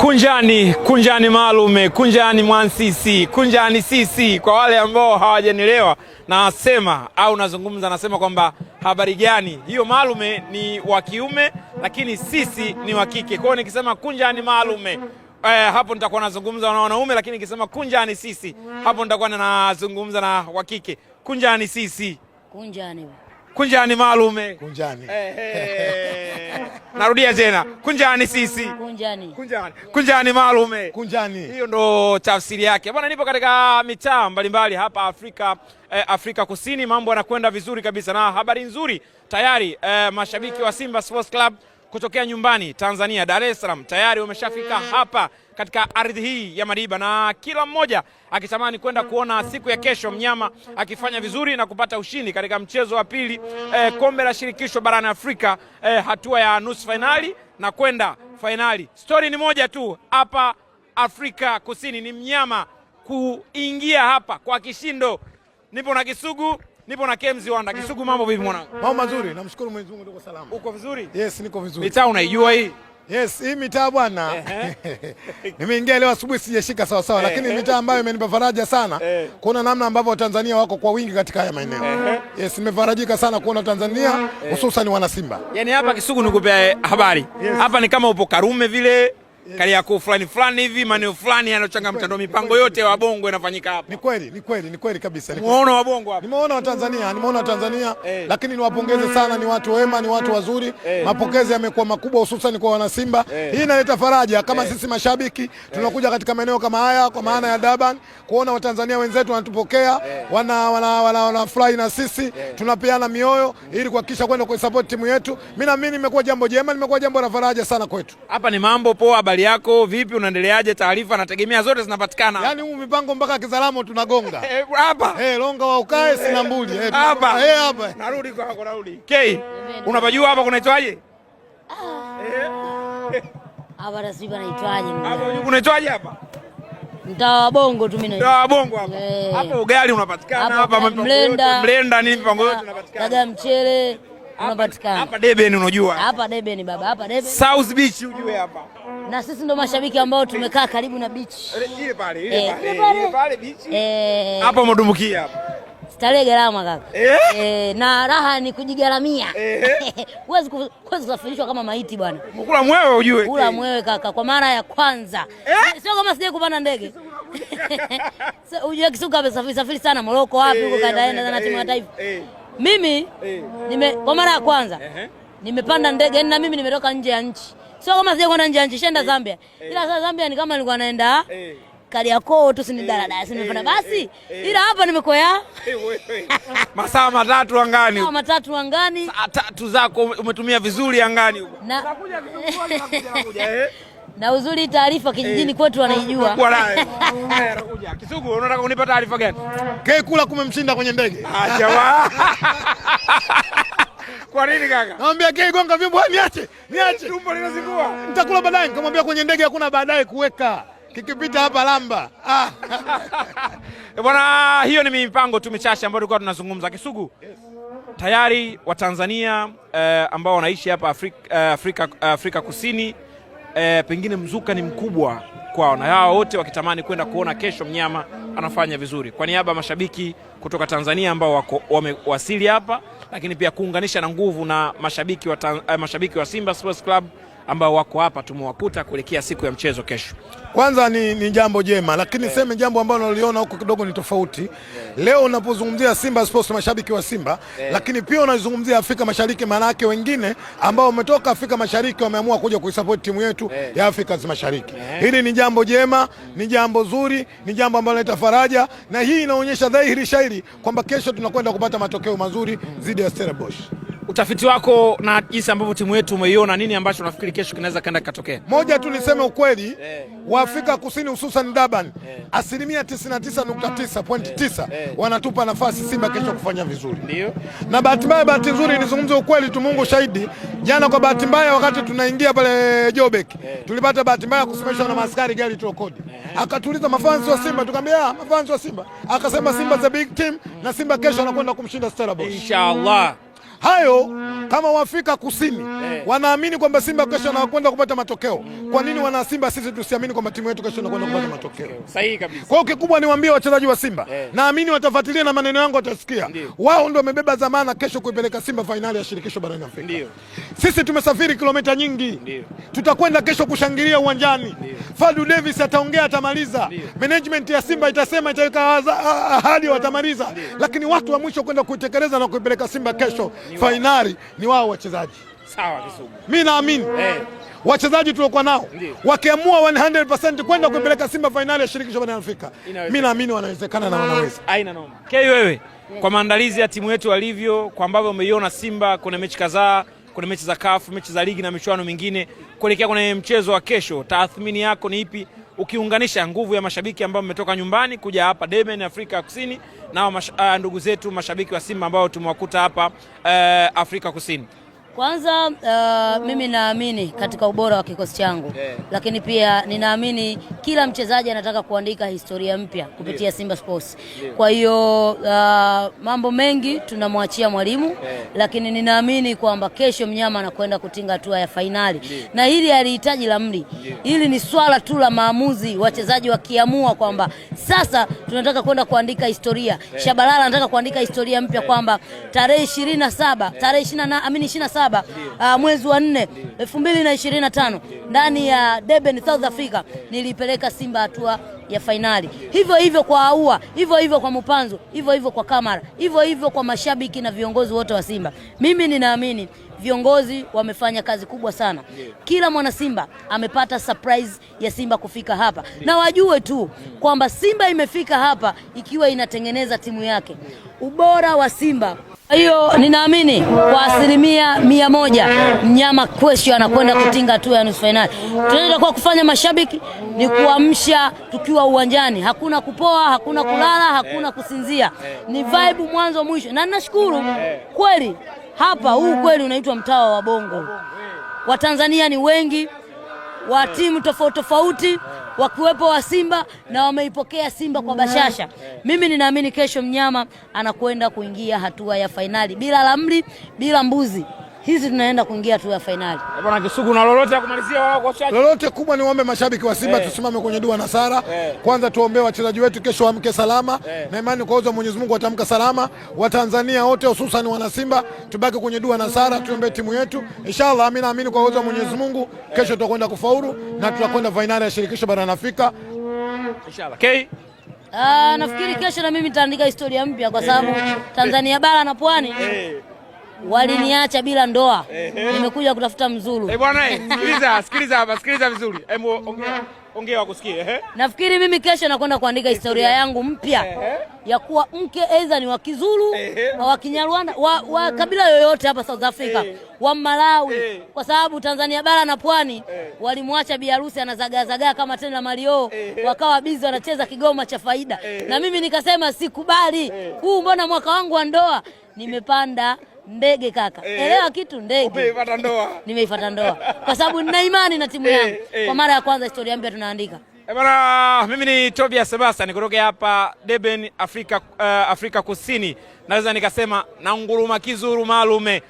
Kunjani, kunjani maalume, kunjani mwansisi, kunjani sisi. Kwa wale ambao hawajanielewa, nasema au nazungumza, nasema kwamba habari gani hiyo. Maalume ni wa kiume, lakini sisi ni wa kike. Kwa hiyo nikisema kunjani maalume Eh, hapo nitakuwa nazungumza na wanaume, lakini nikisema kunjani sisi, hapo nitakuwa nazungumza na wakike. Kunjani sisi, kunjani, kunjani maalume, kunjani eh, eh. Narudia tena, kunjani sisi, kunjani, kunjani, kunjani malume, kunjani. Hiyo ndo tafsiri yake bwana. Nipo katika mitaa mbalimbali hapa Afrika, eh, Afrika Kusini, mambo yanakwenda vizuri kabisa, na habari nzuri tayari eh, mashabiki wa Simba Sports Club kutokea nyumbani Tanzania, Dar es Salaam tayari wameshafika hapa katika ardhi hii ya Madiba, na kila mmoja akitamani kwenda kuona siku ya kesho mnyama akifanya vizuri na kupata ushindi katika mchezo wa pili eh, kombe la shirikisho barani Afrika eh, hatua ya nusu fainali na kwenda fainali. Stori ni moja tu hapa Afrika Kusini, ni mnyama kuingia hapa kwa kishindo. Nipo na Kisugu, nipo na Kemzi Wanda. Kisugu, mambo vipi mwanangu? Mambo mazuri, namshukuru Mwenyezi Mungu, niko salama. Uko vizuri? Yes, niko vizuri. Mitaa unaijua hii? Yes, hii mitaa bwana. Nimeingia leo asubuhi sijashika sawa sawa, lakini mitaa ambayo imenipa faraja sana kuona namna ambavyo Watanzania wako kwa wingi katika haya maeneo. Yes, nimefarajika sana kuona Tanzania hususan wana Simba. Yaani hapa Kisugu nikupea habari. Hapa ni kama upo Karume vile Kariakoo fulani fulani hivi maeneo fulani yanachangamka, ndio mipango yote wa bongo inafanyika hapa. Ni kweli, ni kweli, ni kweli kabisa. Nimeona wa bongo hapa, nimeona wa Tanzania, nimeona wa Tanzania hey. Eh. Lakini niwapongeze sana, ni watu wema, ni watu wazuri hey. Eh. Mapokezi yamekuwa makubwa, hususan kwa wanasimba hey. Eh. Hii inaleta faraja kama hey. Sisi mashabiki Tunakuja katika maeneo kama haya kwa maana hey. ya Durban kuona Watanzania wenzetu wanatupokea hey. Wana, wana, wana, wana furahi na sisi hey. Tunapeana mioyo Ili kuhakikisha kwenda kwa support timu yetu, mi naamini imekuwa jambo jema, nimekuwa jambo la faraja sana kwetu. Hapa ni mambo poa, habari hali yako vipi, unaendeleaje? Taarifa nategemea zote zinapatikana. Yani huu mipango mpaka Kizalamo tunagonga eh, hapa eh, longa wa ukae eh, sina mbuli eh, hapa eh, hapa narudi kwako, narudi K, unapajua hapa kunaitwaje? Ah. Hapa rasmi panaitwaje? Hapa unaitwaje hapa? Mtaa wa Bongo tu mimi. Mtaa wa Bongo hapa. Hapo ugali unapatikana hapa, mlenda Mlenda nini, mipango yote unapatikana? Dagaa mchele unapatikana hapa Deben, unajua hapa Deben baba, hapa Deben South Beach, ujue hapa na sisi ndo mashabiki ambao tumekaa karibu na beach ile eh, pale ile pale ile pale beach eh, hapa umedumbukia hapa starehe gharama kaka eh? Eh, na raha ni kujigaramia eh? huwezi eh? kusafirishwa kama maiti bwana, kula mwewe ujue, kula eh. mwewe kaka, kwa mara ya kwanza eh? sio kama sijai kupanda ndege ujue kisuka amesafiri sana Moroko, wapi huko, kaenda na timu ya taifa eh. Mimi nime kwa mara ya kwanza nimepanda ndege yaani na mimi nimetoka nje ya nchi, sio kama sija kwenda nje ya nchi, shenda eh. Zambia, eh. ila sasa Zambia ni kama nilikuwa naenda eh. Kariakoo tu, sini sini sinipanda basi, ila hapa nimekoya masaa matatu angani, masaa matatu angani, saa tatu zako umetumia vizuri angani huko. na uzuri taarifa kijijini eh. kwetu wanaijua. Eh, Kisugu, unataka kunipa taarifa gani? Kekula kumemshinda kwenye ndege. Ah, jamaa. Kwa nini kaka? Namwambia kei gonga vimbo, niache, niache. Tumbo linazingua. Nitakula baadaye, nikamwambia kwenye ndege hakuna baadaye kuweka. Kikipita hapa lamba. Ah. Bwana, hiyo ni mipango tu michache ambayo tulikuwa tunazungumza Kisugu. Yes. Tayari Watanzania eh, ambao wanaishi hapa Afrika, eh, Afrika, Afrika Kusini e, pengine mzuka ni mkubwa kwao na hao wote wakitamani kwenda kuona kesho mnyama anafanya vizuri. Kwa niaba ya mashabiki kutoka Tanzania ambao wako wamewasili hapa, lakini pia kuunganisha na nguvu na mashabiki wa, eh, mashabiki wa Simba Sports Club ambao wako hapa tumewakuta kuelekea siku ya mchezo kesho. Kwanza ni, ni jambo jema, lakini yeah. Seme jambo ambalo naliona huko kidogo ni tofauti yeah. Leo unapozungumzia Simba Sports, mashabiki wa Simba yeah. Lakini pia unazungumzia Afrika Mashariki, maana yake wengine ambao wametoka Afrika Mashariki wameamua kuja kuisupport timu yetu yeah. ya Afrika Mashariki yeah. Hili ni jambo jema, ni jambo zuri, ni jambo ambalo leta faraja, na hii inaonyesha dhahiri shairi kwamba kesho tunakwenda kupata matokeo mazuri mm. dhidi ya Stellenbosch utafiti wako na jinsi ambavyo timu yetu umeiona, nini ambacho unafikiri kesho kinaweza kaenda katokea? Moja tu niseme ukweli, yeah. Waafrika Kusini hususan Durban, yeah. asilimia 99.9.9 yeah. Eh. wanatupa nafasi Simba kesho kufanya vizuri. Ndio. Na bahati mbaya, bahati nzuri, nizungumze ukweli tu, Mungu shahidi, jana kwa bahati mbaya, wakati tunaingia pale Jobek, yeah. tulipata bahati mbaya kusimamishwa na maskari gari tulokodi, yeah. akatuliza mafansi wa Simba, tukamwambia ah, mafansi wa Simba, akasema Simba the big team na Simba kesho anakwenda kumshinda Stellenbosch. Inshallah hayo kama wafika Kusini eh, wanaamini kwamba Simba kesho anakwenda kupata matokeo. Kwa nini wana Simba sisi tusiamini kwamba timu yetu kesho inakwenda kupata mm. matokeo? Sahihi kabisa. Kwa hiyo kikubwa niwaambie wachezaji wa Simba eh, naamini watafuatilia na maneno yangu watasikia. Wao ndio wamebeba dhamana kesho kuipeleka Simba fainali ya shirikisho barani Afrika. Ndio. Sisi tumesafiri kilomita nyingi. Ndio. Tutakwenda kesho kushangilia uwanjani. Fadu Davis ataongea atamaliza. Ndiyo. Management ya Simba itasema itaweka ahadi watamaliza. Lakini watu wa mwisho kwenda kuitekeleza na kuipeleka Simba kesho fainali ni wao wachezaji. Sawa Kisugu, mimi naamini eh, wachezaji tuliokuwa nao wakiamua 100% kwenda kuipeleka Simba fainali ya shirikisho barani Afrika, mimi naamini wanawezekana na wanaweza. Aina noma. Kei wewe, mm. kwa maandalizi ya timu yetu alivyo, kwa ambavyo umeiona Simba, kuna mechi kadhaa kuna mechi za kafu, mechi za ligi na michuano mingine kuelekea kwenye mchezo wa kesho, tathmini yako ni ipi ukiunganisha nguvu ya mashabiki ambao mmetoka nyumbani kuja hapa Durban, Afrika ya Kusini, na uh, ah, ndugu zetu mashabiki wa Simba ambao tumewakuta hapa uh, Afrika Kusini. Kwanza uh, mm. mimi naamini katika ubora wa kikosi changu yeah. Lakini pia ninaamini kila mchezaji anataka kuandika historia mpya kupitia yeah. Simba Sports yeah. Kwa hiyo uh, mambo mengi tunamwachia mwalimu yeah. Lakini ninaamini kwamba kesho mnyama anakwenda kutinga hatua ya fainali yeah. Na hili halihitaji la mli yeah. Hili ni swala tu la maamuzi, wachezaji wakiamua kwamba sasa tunataka kwenda kuandika historia yeah. Shabalala anataka kuandika historia mpya yeah. Kwamba tarehe ishirini na saba tarehe ishirini na amini ishirini na saba saba uh, mwezi wa nne elfu mbili na ishirini na tano ndani ya Durban South Africa nilipeleka Simba hatua ya fainali. Hivyo hivyo kwa Aua, hivyo hivyo kwa mupanzo hivyo hivyo kwa Kamara, hivyo hivyo kwa mashabiki na viongozi wote wa Simba. Mimi ninaamini viongozi wamefanya kazi kubwa sana. Kila mwana Simba amepata surprise ya Simba kufika hapa, na wajue tu kwamba Simba imefika hapa ikiwa inatengeneza timu yake. Ubora wa Simba kwa hiyo ninaamini kwa asilimia mia moja mnyama kwesho anakwenda kutinga hatua ya nusu fainali. Tunachotakiwa kufanya mashabiki ni kuamsha tukiwa uwanjani, hakuna kupoa, hakuna kulala, hakuna kusinzia, ni vibe mwanzo mwisho, na ninashukuru kweli hapa, huu kweli unaitwa mtaa wa Bongo. Watanzania ni wengi wa timu tofauti tofauti wakiwepo wa Simba na wameipokea Simba kwa bashasha. Mimi ninaamini kesho mnyama anakwenda kuingia hatua ya fainali bila lamli bila mbuzi hizi tunaenda kuingia tu ya fainali. Eh, bwana Kisugu, na lolote ya kumalizia wao kocha? Lolote kubwa ni waombe mashabiki wa Simba hey, eh. tusimame kwenye dua na sara hey. Eh. Kwanza tuombee wachezaji wetu kesho waamke salama hey. Na imani kwa uwezo Mwenyezi Mungu watamka salama, Watanzania wote hususan wana Simba tubaki kwenye dua na sara, tuombee timu yetu inshallah. Amini naamini kwa uwezo wa Mwenyezi Mungu kesho tutakwenda kufaulu na tutakwenda fainali ya shirikisho barani Afrika inshallah. Okay. Ah, nafikiri kesho na mimi nitaandika historia mpya kwa sababu Tanzania bara na pwani hey waliniacha bila ndoa, nimekuja kutafuta mzuru. Eh bwana, eh, sikiliza, sikiliza hapa, sikiliza vizuri. Ongea, ongea wakusikie. Nafikiri mimi kesho nakwenda kuandika historia yangu mpya ya kuwa mke aidha ni wa Kizulu na wa Kinyarwanda wa, wa kabila yoyote hapa South Africa eh. wa Malawi, eh. kwa sababu Tanzania bara na pwani walimwacha bi harusi anazagaazagaa kama tena Mario, wakawa bizi wanacheza kigoma cha faida, na mimi nikasema sikubali. Huu mbona mwaka wangu wa ndoa nimepanda ndege kaka, eh, Elewa kitu ndege, nimeifuata ndoa kwa sababu nina imani na timu eh, yangu eh, eh. Kwa mara ya kwanza historia mpya tunaandika. eh, bana, mimi ni Tobias Sebastian nikutoke hapa Deben Afrika, uh, Afrika Kusini. Naweza nikasema na nguruma kizuru maalume